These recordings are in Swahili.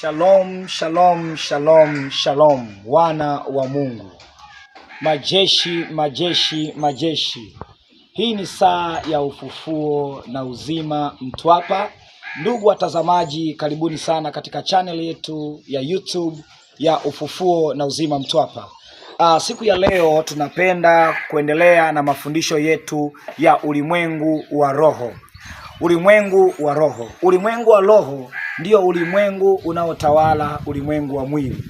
Shalom, shalom, shalom, shalom, wana wa Mungu, majeshi, majeshi, majeshi. Hii ni saa ya ufufuo na uzima Mtwapa. Ndugu watazamaji, karibuni sana katika channel yetu ya YouTube ya ufufuo na uzima Mtwapa. Uh, siku ya leo tunapenda kuendelea na mafundisho yetu ya ulimwengu wa roho, ulimwengu wa roho, ulimwengu wa roho ndio ulimwengu unaotawala ulimwengu wa mwili.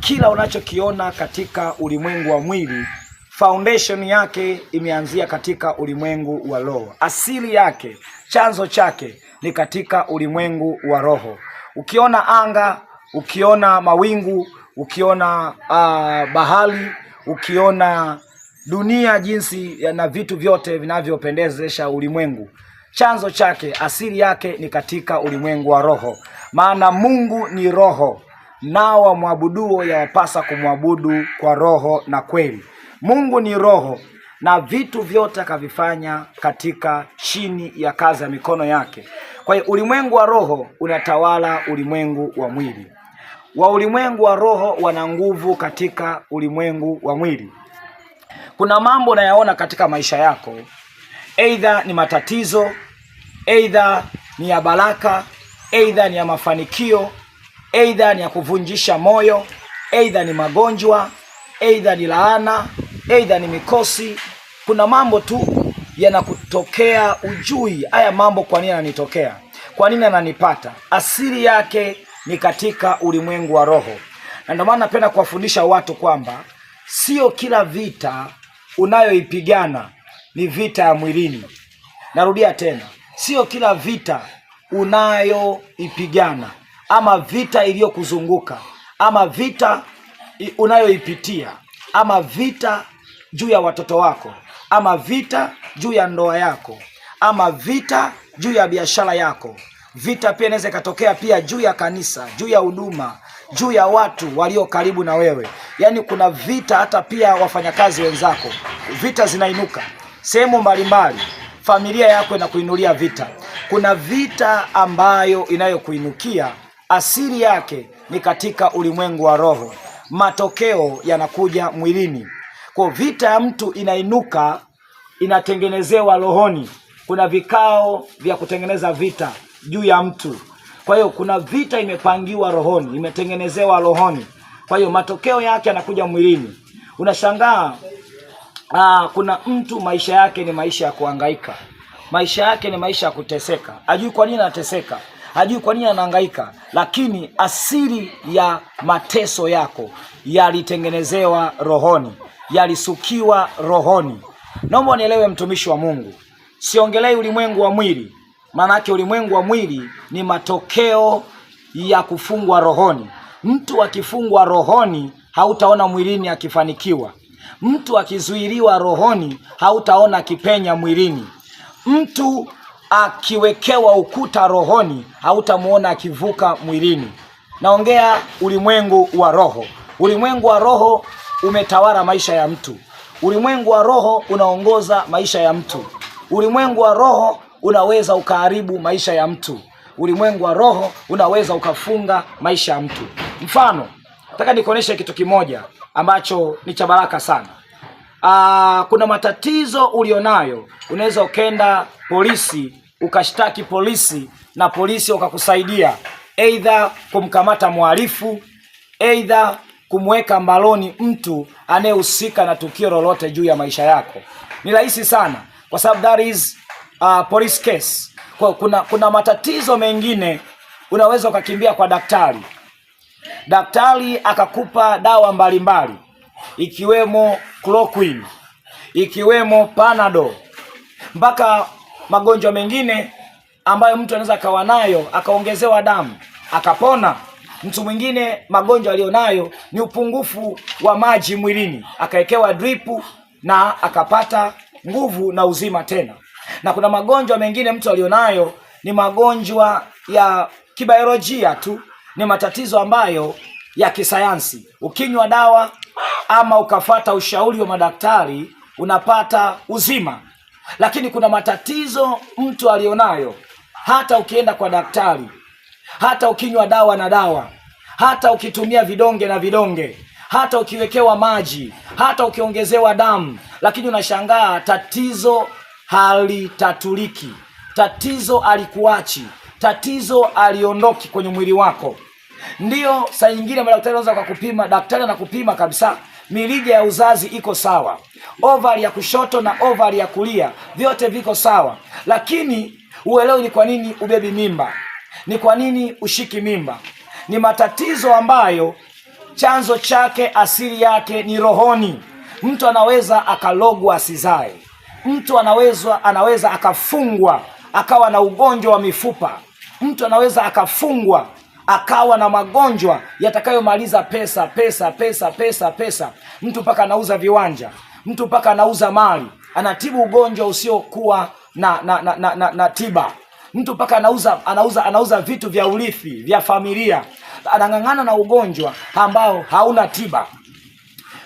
Kila unachokiona katika ulimwengu wa mwili foundation yake imeanzia katika ulimwengu wa roho. Asili yake, chanzo chake ni katika ulimwengu wa roho. Ukiona anga, ukiona mawingu, ukiona uh, bahari, ukiona dunia jinsi na vitu vyote vinavyopendezesha ulimwengu Chanzo chake, asili yake ni katika ulimwengu wa roho, maana Mungu ni roho, nao wamwabuduo yawapasa kumwabudu kwa roho na kweli. Mungu ni roho na vitu vyote akavifanya katika chini ya kazi ya mikono yake. Kwa hiyo ulimwengu wa roho unatawala ulimwengu wa mwili, wa ulimwengu wa roho wana nguvu katika ulimwengu wa mwili. Kuna mambo unayaona katika maisha yako Aidha ni matatizo, aidha ni ya baraka, aidha ni ya mafanikio, aidha ni ya kuvunjisha moyo, aidha ni magonjwa, aidha ni laana, aidha ni mikosi. Kuna mambo tu yanakutokea, ujui haya mambo kwa nini yananitokea, kwa nini yananipata. Asili yake ni katika ulimwengu wa roho, na ndio maana napenda kuwafundisha watu kwamba sio kila vita unayoipigana ni vita ya mwilini. Narudia tena, sio kila vita unayoipigana ama vita iliyokuzunguka ama vita unayoipitia ama vita juu ya watoto wako ama vita juu ya ndoa yako ama vita juu ya biashara yako. Vita pia inaweza ikatokea pia juu ya kanisa, juu ya huduma, juu ya watu walio karibu na wewe. Yaani kuna vita hata pia wafanyakazi wenzako, vita zinainuka sehemu mbalimbali, familia yako inakuinulia vita. Kuna vita ambayo inayokuinukia asili yake ni katika ulimwengu wa roho, matokeo yanakuja mwilini. Kwa vita ya mtu inainuka, inatengenezewa rohoni. Kuna vikao vya kutengeneza vita juu ya mtu. Kwa hiyo kuna vita imepangiwa rohoni, imetengenezewa rohoni. Kwa hiyo matokeo yake yanakuja mwilini. Unashangaa Ah, kuna mtu maisha yake ni maisha ya kuhangaika, maisha yake ni maisha ya kuteseka, hajui kwa nini anateseka, hajui kwa nini anahangaika, lakini asili ya mateso yako yalitengenezewa rohoni, yalisukiwa rohoni. Naomba nielewe, mtumishi wa Mungu, siongelei ulimwengu wa mwili, yake ulimwengu wa mwili ni matokeo ya kufungwa rohoni. Mtu akifungwa rohoni, hautaona mwilini akifanikiwa. Mtu akizuiliwa rohoni, hautaona kipenya mwilini. Mtu akiwekewa ukuta rohoni, hautamuona akivuka mwilini. Naongea ulimwengu wa roho. Ulimwengu wa roho umetawala maisha ya mtu. Ulimwengu wa roho unaongoza maisha ya mtu. Ulimwengu wa roho unaweza ukaharibu maisha ya mtu. Ulimwengu wa roho unaweza ukafunga maisha ya mtu. Mfano, nataka nikuoneshe kitu kimoja ambacho ni cha baraka sana. Aa, ah, kuna matatizo ulionayo, unaweza ukenda polisi ukashtaki polisi na polisi wakakusaidia, aidha kumkamata mhalifu, aidha kumweka mbaloni mtu anayehusika na tukio lolote juu ya maisha yako. Ni rahisi sana kwa sababu that is uh, police case. Kwa kuna, kuna matatizo mengine unaweza ukakimbia kwa daktari Daktari akakupa dawa mbalimbali ikiwemo chloroquine, ikiwemo panado mpaka magonjwa mengine ambayo mtu anaweza akawa nayo akaongezewa damu akapona. Mtu mwingine magonjwa aliyonayo ni upungufu wa maji mwilini, akawekewa dripu na akapata nguvu na uzima tena. Na kuna magonjwa mengine mtu aliyonayo ni magonjwa ya kibayolojia tu ni matatizo ambayo ya kisayansi. Ukinywa dawa ama ukafata ushauri wa madaktari unapata uzima, lakini kuna matatizo mtu alionayo, hata ukienda kwa daktari, hata ukinywa dawa na dawa, hata ukitumia vidonge na vidonge, hata ukiwekewa maji, hata ukiongezewa damu, lakini unashangaa tatizo halitatuliki, tatizo alikuachi tatizo aliondoki kwenye mwili wako. Ndiyo, saa nyingine madaktari wanaweza kukupima, daktari anakupima kabisa mirija ya uzazi iko sawa, ovari ya kushoto na ovari ya kulia vyote viko sawa, lakini uelewi ni kwa nini ubebi mimba, ni kwa nini ushiki mimba. Ni matatizo ambayo chanzo chake asili yake ni rohoni. Mtu anaweza akalogwa asizae, mtu anaweza anaweza akafungwa akawa na ugonjwa wa mifupa Mtu anaweza akafungwa akawa na magonjwa yatakayomaliza pesa pesa pesa pesa pesa. Mtu mpaka anauza viwanja, mtu mpaka anauza mali, anatibu ugonjwa usiokuwa na na, na, na, na, na tiba. Mtu mpaka anauza anauza anauza vitu vya urithi vya familia, anang'ang'ana na ugonjwa ambao hauna tiba.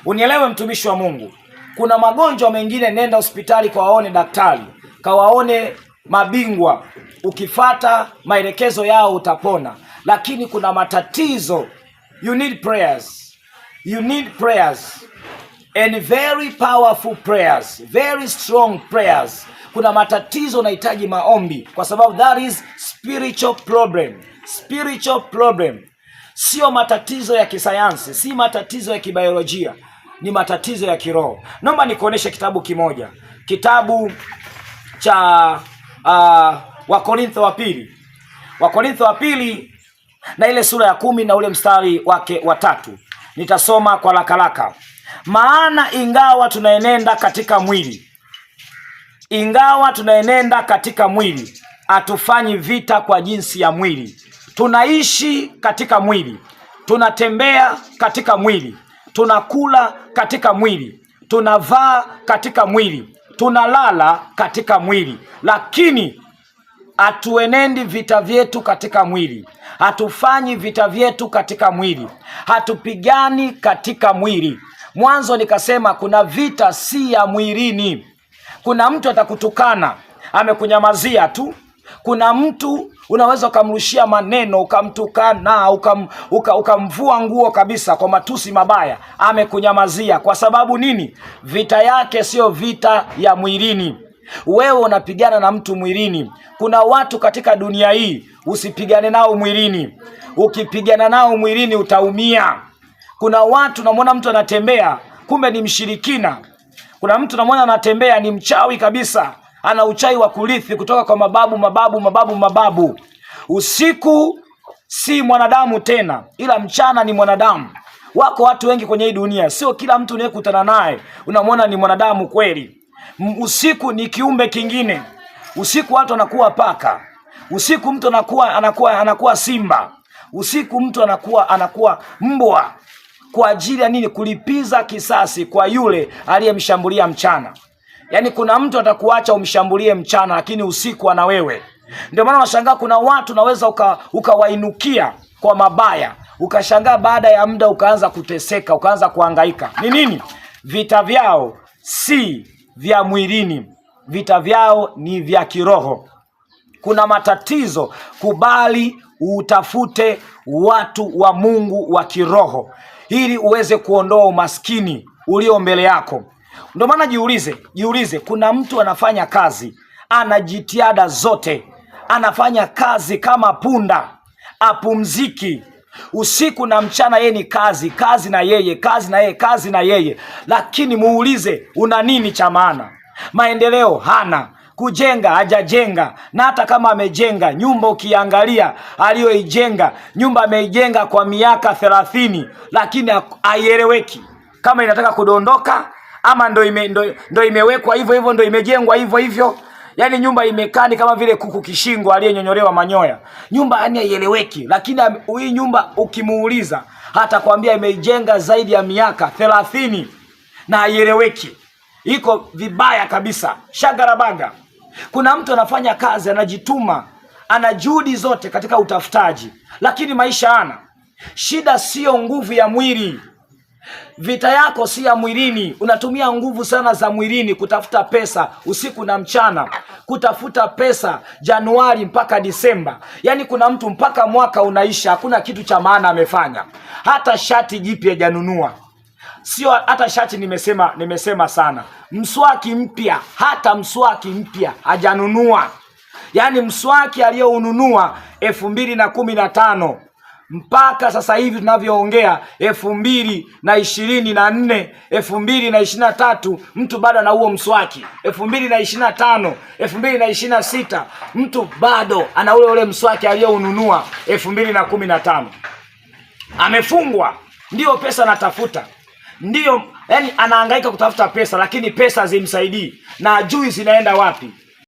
Unielewe mtumishi wa Mungu, kuna magonjwa mengine, nenda hospitali kawaone daktari, kawaone mabingwa, ukifata maelekezo yao utapona, lakini kuna matatizo. You need prayers, you need prayers and very powerful prayers, very strong prayers. Kuna matatizo unahitaji maombi, kwa sababu that is spiritual problem, spiritual problem. Sio matatizo ya kisayansi, si matatizo ya kibiolojia, ni matatizo ya kiroho. Naomba nikuoneshe kitabu kimoja, kitabu cha Ah, Wakorintho wa pili, Wakorintho wa pili na ile sura ya kumi na ule mstari wake wa tatu. Nitasoma kwa rakaraka. Maana ingawa tunaenenda katika mwili, ingawa tunaenenda katika mwili, hatufanyi vita kwa jinsi ya mwili. Tunaishi katika mwili, tunatembea katika mwili, tunakula katika mwili, tunavaa katika mwili tunalala katika mwili, lakini hatuenendi vita vyetu katika mwili, hatufanyi vita vyetu katika mwili, hatupigani katika mwili. Mwanzo nikasema kuna vita si ya mwilini. Kuna mtu atakutukana, amekunyamazia tu kuna mtu unaweza ukamrushia maneno ukamtukana ukam, uka, ukamvua nguo kabisa kwa matusi mabaya, amekunyamazia. Kwa sababu nini? Vita yake sio vita ya mwilini. Wewe unapigana na mtu mwilini. Kuna watu katika dunia hii usipigane nao mwilini, ukipigana nao mwilini utaumia. Kuna watu unamwona mtu anatembea, kumbe ni mshirikina. Kuna mtu unamwona anatembea ni mchawi kabisa ana uchai wa kurithi kutoka kwa mababu mababu mababu mababu. Usiku si mwanadamu tena, ila mchana ni mwanadamu. Wako watu wengi kwenye hii dunia, sio kila mtu unayekutana naye unamwona ni mwanadamu kweli. Usiku ni kiumbe kingine. Usiku watu anakuwa paka, usiku mtu anakuwa anakuwa anakuwa simba, usiku mtu anakuwa anakuwa mbwa. Kwa ajili ya nini? Kulipiza kisasi kwa yule aliyemshambulia mchana. Yaani kuna mtu atakuacha umshambulie mchana, lakini usiku ana wewe. Ndio maana unashangaa kuna watu unaweza uka, ukawainukia kwa mabaya, ukashangaa baada ya muda ukaanza kuteseka, ukaanza kuhangaika. Ni nini? Vita vyao si vya mwilini, vita vyao ni vya kiroho. Kuna matatizo, kubali utafute watu wa Mungu wa kiroho ili uweze kuondoa umaskini ulio mbele yako. Ndio maana jiulize, jiulize, kuna mtu anafanya kazi, ana jitihada zote, anafanya kazi kama punda, apumziki usiku na mchana, yeye ni kazi, kazi na yeye, kazi na yeye, kazi na yeye. Lakini muulize, una nini cha maana? Maendeleo hana kujenga hajajenga, na hata kama amejenga nyumba, ukiangalia aliyoijenga nyumba ameijenga kwa miaka thelathini, lakini haieleweki kama inataka kudondoka ama ndo, ime, ndo, ndo imewekwa hivyo hivyo, ndo imejengwa hivyo hivyo. Yaani nyumba imekaa ni kama vile kuku kishingo aliyenyonyolewa manyoya, nyumba yani haieleweki. Lakini hii nyumba ukimuuliza, hata kwambia imejenga zaidi ya miaka thelathini na haieleweki, iko vibaya kabisa, shagarabaga. Kuna mtu anafanya kazi, anajituma, ana juhudi zote katika utafutaji, lakini maisha ana shida. Siyo nguvu ya mwili Vita yako si ya mwilini. Unatumia nguvu sana za mwilini kutafuta pesa usiku na mchana, kutafuta pesa Januari mpaka Disemba. Yaani kuna mtu mpaka mwaka unaisha, hakuna kitu cha maana amefanya, hata shati jipya janunua Sio hata shati, nimesema nimesema sana, mswaki mpya, hata mswaki mpya hajanunua. Yaani mswaki aliyoununua elfu mbili na kumi na tano mpaka sasa hivi tunavyoongea elfu mbili na ishirini na nne elfu mbili na ishirini na tatu mtu bado ana huo mswaki. elfu mbili na ishirini na tano elfu mbili na ishirini na sita mtu bado ana ule ule mswaki aliyoununua elfu mbili na kumi na tano. Amefungwa, ndiyo pesa anatafuta, ndiyo yani anaangaika kutafuta pesa, lakini pesa zimsaidii na ajui zinaenda wapi.